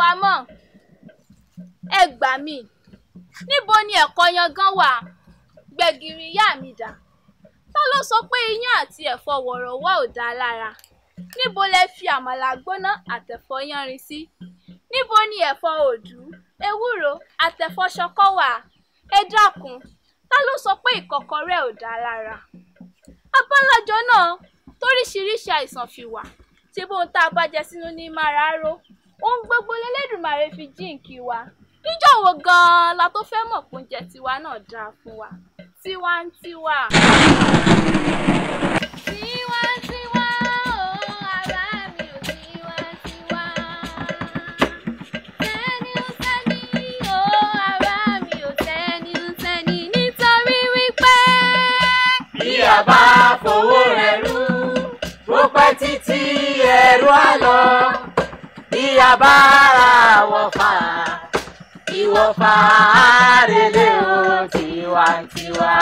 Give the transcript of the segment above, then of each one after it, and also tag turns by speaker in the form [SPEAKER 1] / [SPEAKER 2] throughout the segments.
[SPEAKER 1] wa mọ́ ẹ gbà mí níbo ni ẹ̀kọ́ yangan wà gbẹ̀gìrì ìyá mi dà ta ló sọ pé iyán àti ẹ̀fọ́ wọ̀rọ̀wọ́ ò dáa lára níbo lẹ fi àmàlà gbóná àtẹ̀fọ́ yánrin sí níbo ni ẹ̀fọ́ òdú ewúro àtẹ̀fọ́ ṣọkọ wà ẹ dákun ta ló sọ pé ìkọ̀kọ̀rẹ́ ò dáa lára abálájọ náà toríṣiríṣi àìsàn fi wà tí bóun tá a bá jẹ sínú ní mára ró ohun gbogbo lélẹ́dùnmarè fi jíǹkí wa níjọ́ wo gan-an la tó fẹ́ mọ̀ pé oúnjẹ tiwa náà dáa fún wa tiwantiwa. tiwantiwa. Oh, oh, bá fowó rẹ̀ rú ó pẹ́ títí ẹ̀rú àlọ́ bí a bá ra wọ̀fà ìwọ̀fà àrèlé o tiwantiwa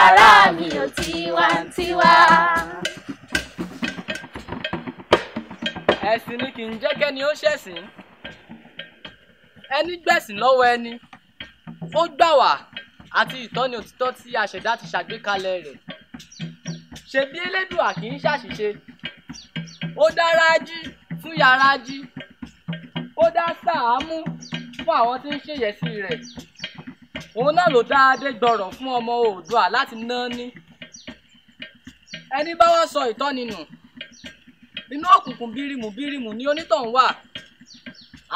[SPEAKER 1] ara mi ò tiwantiwa.
[SPEAKER 2] ẹ̀sìn ni kì í jẹ́ kẹ́ni ó ṣẹ̀sìn ẹni gbẹ̀sìn lọ́wọ́ ẹni ó gbà wá àti ìtọ́ni òtítọ́ tí aṣẹ̀dá ti ṣàgbékalẹ̀ rẹ̀ ṣebí elédùà kì í ṣàṣìṣe ó dára jí fún yàrá jí ó dá sàámú fún àwọn tí ń ṣèyẹsí rẹ̀ òun náà ló dá adé gbọràn fún ọmọ oòdùà láti ná ní ẹni bá wá sọ ìtọ́ni inú òkùnkùn bírímù bírímù ni onítọ̀hún wà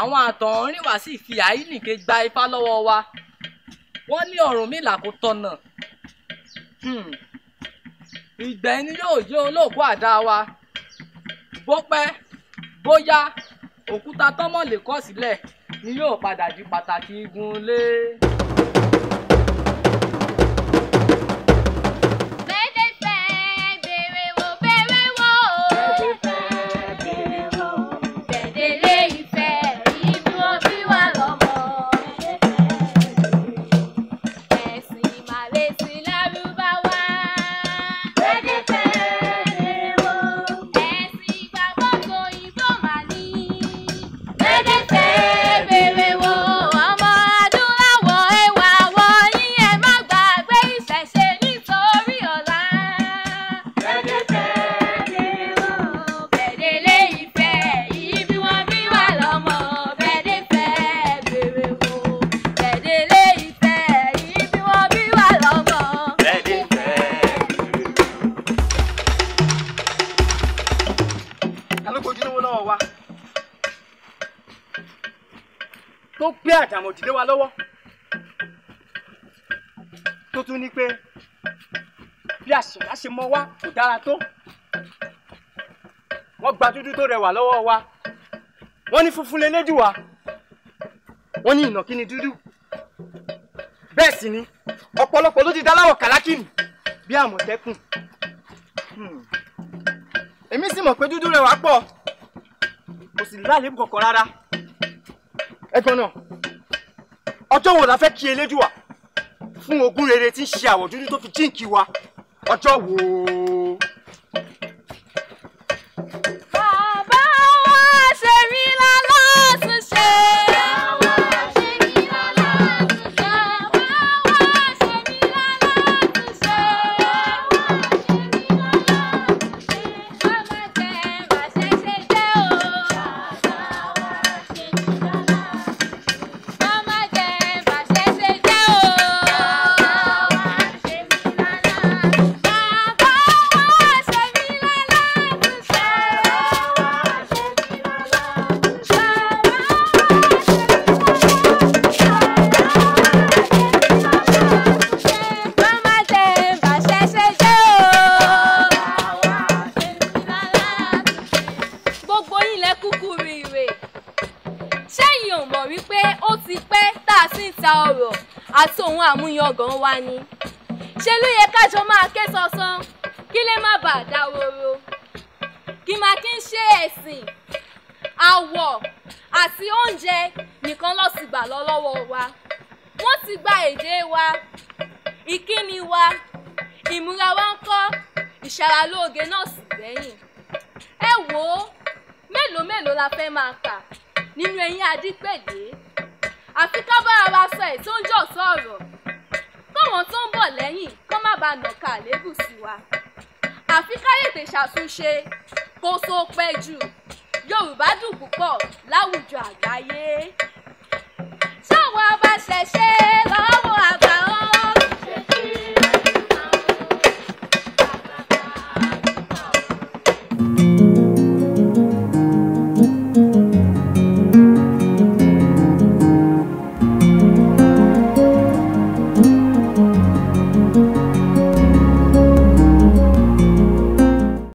[SPEAKER 2] àwọn àtọ̀húnrìn wá sí ìfi àínìke gba ifá lọ́wọ́ wa wọ́n ní Ọ̀rúnmìlà kò tọ̀nà hmm. ìgbẹ́ni yóò yé olóòkú àdá wa bó pẹ́ bóyá òkúta tọ́mọ̀ lè kọ̀ sílẹ̀ ni yóò padà di pàtàkì igun lé.
[SPEAKER 3] gbé àdàmọ̀ òdìlé wa lọ́wọ́ tó tún ní pé bí àṣìlá ṣe mọ́ wá kò dára tó wọ́n gba dúdú tó rẹwà lọ́wọ́ wa wọ́n ní funfun lélẹ́dù wa wọ́n ní ìnàkí ni dúdú bẹ́ẹ̀ sì ni ọ̀pọ̀lọpọ̀ ló ti dáláwọ̀ kàlákìnì bí àmọ̀tẹ́kùn hmm. èmi sì mọ̀ pé dúdú rẹwà pọ̀ kò sì lálẹ́ kọ̀ọ̀kan rárá ẹ̀gbọ́n náà ọjọ́ wo la fẹ́ kí elédùà fún ogún rere tí ń ṣe àwọ̀ dúdú tó fi jíǹkì wa ọjọ́ wo.
[SPEAKER 1] tí ń ta ọ̀rọ̀ àti òun àmúyangàn wa ni ṣe ló yẹ kájọ máa ké sọsán kí lè má bàa dáwóró kí máa kí ń ṣe ẹ̀sìn àwọ̀ àti oúnjẹ nìkan ló sì gbà lọ́wọ́ wa wọ́n ti gba èdè wa ìkíni wa ìmúra wa ń kọ́ ìṣaralóge náà sì gbẹ̀yìn ẹ wò ó mélòó mélòó la fẹ́ máa kà nínú ẹ̀yìn adípèdé àfi ká bára wa sọ èyí tó ń jọ sọ̀rọ̀ káwọn tó ń bọ̀ lẹ́yìn kó má bàa nàka àléébù sí wa àfi ká yètè ṣàtúnṣe kó tó pẹ́ jù yorùbá dùn púpọ̀ láwùjọ àgbáyé. táwọn abáṣẹṣe